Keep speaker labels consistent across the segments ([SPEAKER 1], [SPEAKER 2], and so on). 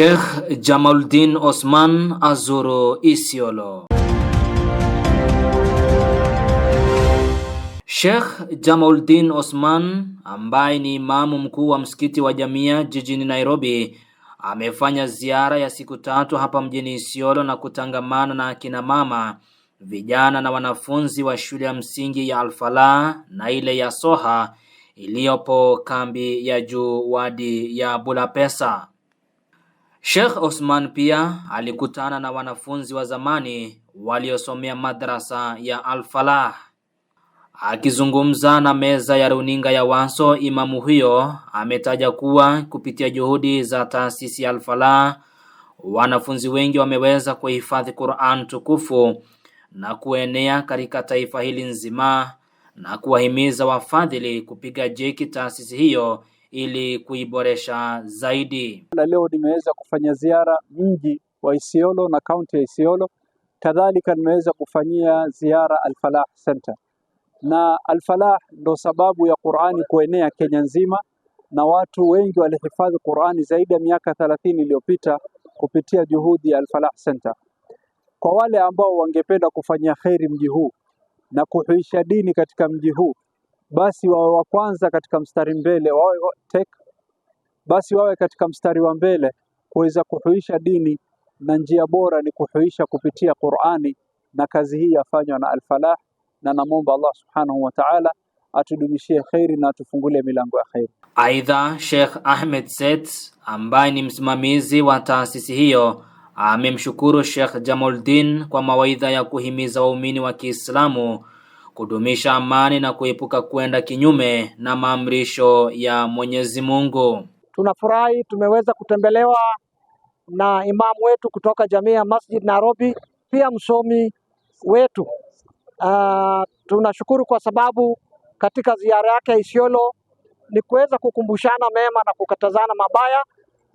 [SPEAKER 1] Sheikh Jamaluddin Osman azuru Isiolo. Sheikh Jamaluddin Osman ambaye ni imamu mkuu wa msikiti wa Jamia jijini Nairobi amefanya ziara ya siku tatu hapa mjini Isiolo na kutangamana na akina mama, vijana na wanafunzi wa shule ya msingi ya Alfala na ile ya Soha iliyopo kambi ya juu wadi ya Bulapesa. Sheikh Osman pia alikutana na wanafunzi wa zamani waliosomea madrasa ya Al-Falah. Akizungumza na meza ya runinga ya Waso, imamu huyo ametaja kuwa kupitia juhudi za taasisi ya Al-Falah, wanafunzi wengi wameweza kuhifadhi Qur'an tukufu na kuenea katika taifa hili nzima na kuwahimiza wafadhili kupiga jeki taasisi hiyo ili kuiboresha zaidi.
[SPEAKER 2] Na leo nimeweza kufanya ziara mji wa Isiolo na kaunti ya Isiolo, kadhalika nimeweza kufanyia ziara Al-Falah Center na Al-Falah ndo sababu ya Qur'ani kuenea Kenya nzima, na watu wengi walihifadhi Qur'ani zaidi ya miaka thelathini iliyopita kupitia juhudi ya Al-Falah Center. Kwa wale ambao wangependa kufanyia kheri mji huu na kuhuisha dini katika mji huu basi wawe wa kwanza katika mstari mbele, wawe tek, basi wawe katika mstari wa mbele kuweza kuhuisha dini, na njia bora ni kuhuisha kupitia Qur'ani, na kazi hii yafanywa na Al-Falah, na namwomba Allah subhanahu wa ta'ala atudumishie kheri na atufungulie milango ya kheri.
[SPEAKER 1] Aidha, Sheikh Ahmed Seth ambaye ni msimamizi wa taasisi hiyo amemshukuru Sheikh Jamaluddin kwa mawaidha ya kuhimiza waumini wa Kiislamu kudumisha amani na kuepuka kwenda kinyume na maamrisho ya Mwenyezi Mungu.
[SPEAKER 3] Tunafurahi tumeweza kutembelewa na imamu wetu kutoka jamii ya Masjid Nairobi, pia msomi wetu. Uh, tunashukuru kwa sababu katika ziara yake ya Isiolo ni kuweza kukumbushana mema na kukatazana mabaya,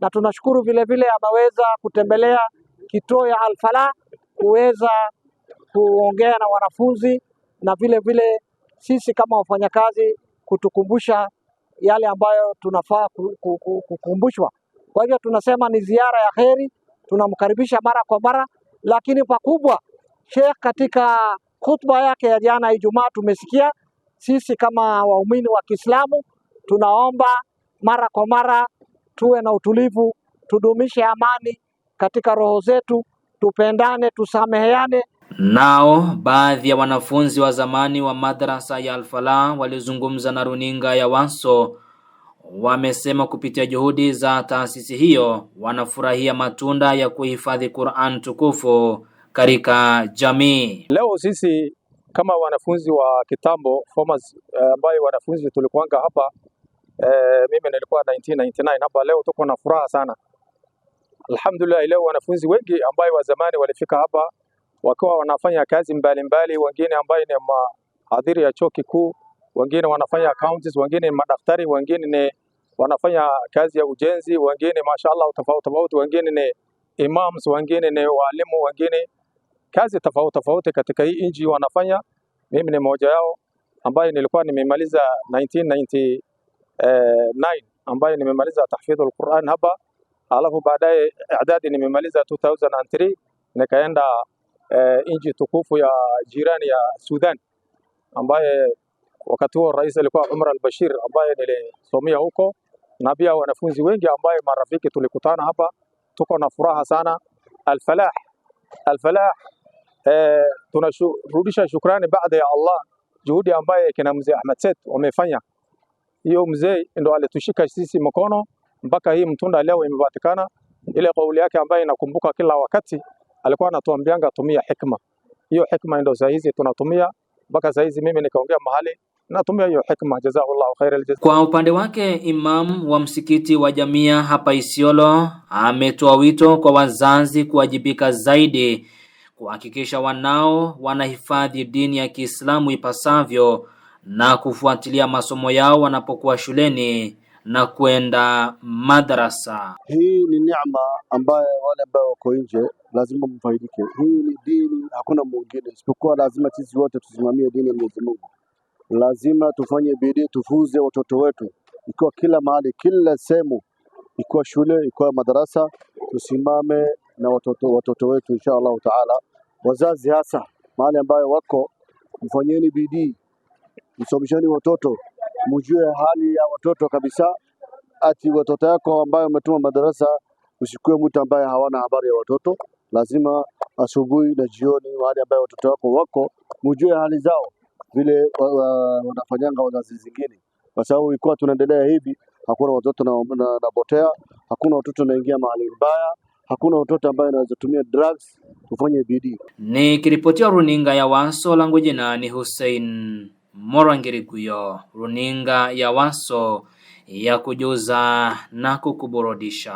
[SPEAKER 3] na tunashukuru vilevile ameweza kutembelea kituo ya Al Falah kuweza kuongea na wanafunzi na vile vile sisi kama wafanyakazi kutukumbusha yale ambayo tunafaa kukumbushwa. Kwa hivyo tunasema ni ziara ya heri, tunamkaribisha mara kwa mara, lakini pakubwa Sheikh katika khutba yake ya jana Ijumaa tumesikia sisi kama waumini wa Kiislamu tunaomba mara kwa mara tuwe na utulivu, tudumishe amani katika roho zetu, tupendane, tusameheane
[SPEAKER 1] Nao baadhi ya wanafunzi wa zamani wa madrasa ya Al-Falah waliozungumza na runinga ya Waso wamesema kupitia juhudi za taasisi hiyo wanafurahia matunda ya kuhifadhi Qur'an tukufu katika jamii.
[SPEAKER 4] Leo sisi kama wanafunzi wa kitambo formers eh, ambayo wanafunzi tulikuanga hapa uh, mimi nilikuwa 1999 hapa, leo tuko na furaha sana alhamdulillah. Leo wanafunzi wengi ambayo wa zamani walifika hapa wakiwa wanafanya kazi mbalimbali, wengine ambaye ni mahadhiri ya chuo kikuu, wengine wanafanya accounts, wengine ni madaktari, wengine ni wanafanya kazi ya ujenzi, wengine mashaallah tofauti tofauti, wengine ni imams, wengine ni walimu, wengine kazi tofauti tofauti katika hii nchi wanafanya. Mimi ni mmoja yao ambaye nilikuwa nimemaliza 1999 ambaye nimemaliza tahfidhul Quran hapa, alafu baadaye idadi nimemaliza 2003 nikaenda eh, nchi tukufu ya jirani ya Sudan ambaye wakati huo rais alikuwa Umar al-Bashir ambaye nilisomea huko na pia wanafunzi wengi ambaye marafiki tulikutana hapa, tuko na furaha sana. Al-Falah Al-Falah, eh, tunarudisha shukrani baada ya Allah juhudi ambaye kina mzee Ahmed Said wamefanya. Hiyo mzee ndo alitushika sisi mkono mpaka hii mtunda leo imepatikana, ile kauli yake ambaye inakumbuka kila wakati alikuwa anatuambianga tumia hikma. Hiyo hikma ndio hizi tunatumia mpaka hizi, mimi nikaongea mahali natumia hiyo hikma. Jazakallahu khairal jazaa.
[SPEAKER 1] Kwa upande wake, imam wa msikiti wa Jamia hapa Isiolo ametoa wito kwa wazazi kuwajibika zaidi kuhakikisha wanao wanahifadhi dini ya Kiislamu ipasavyo na kufuatilia masomo yao wanapokuwa shuleni na kwenda madrasa.
[SPEAKER 5] Hii ni neema ambayo wale ambao wako nje lazima mfaidike. Hii ni dini, hakuna mwingine isipokuwa, lazima sisi wote tusimamie dini ya Mwenyezi Mungu. Lazima tufanye bidii, tufuze watoto wetu, ikiwa kila mahali, kila sehemu, ikiwa shule, ikiwa madarasa, tusimame na watoto watoto wetu insha Allahu taala. Wazazi hasa mahali ambayo wako, mfanyeni bidii, msomesheni watoto mjue hali ya watoto kabisa. Ati watoto yako ambayo umetuma madarasa, usikue mtu ambaye hawana habari ya watoto. Lazima asubuhi na jioni, wale ambayo watoto wako wako, mjue hali zao vile wanafanyanga wazazi zingine, kwa sababu ilikuwa tunaendelea hivi, hakuna watoto napotea na, na hakuna watoto naingia mahali mbaya hakuna watoto ambaye anaweza tumia drugs. Tufanye bidii.
[SPEAKER 1] kiripotia runinga ya Waso langu jina ni Hussein Morwangeri Guyo, runinga ya Waso ya kujuza na kukuburudisha.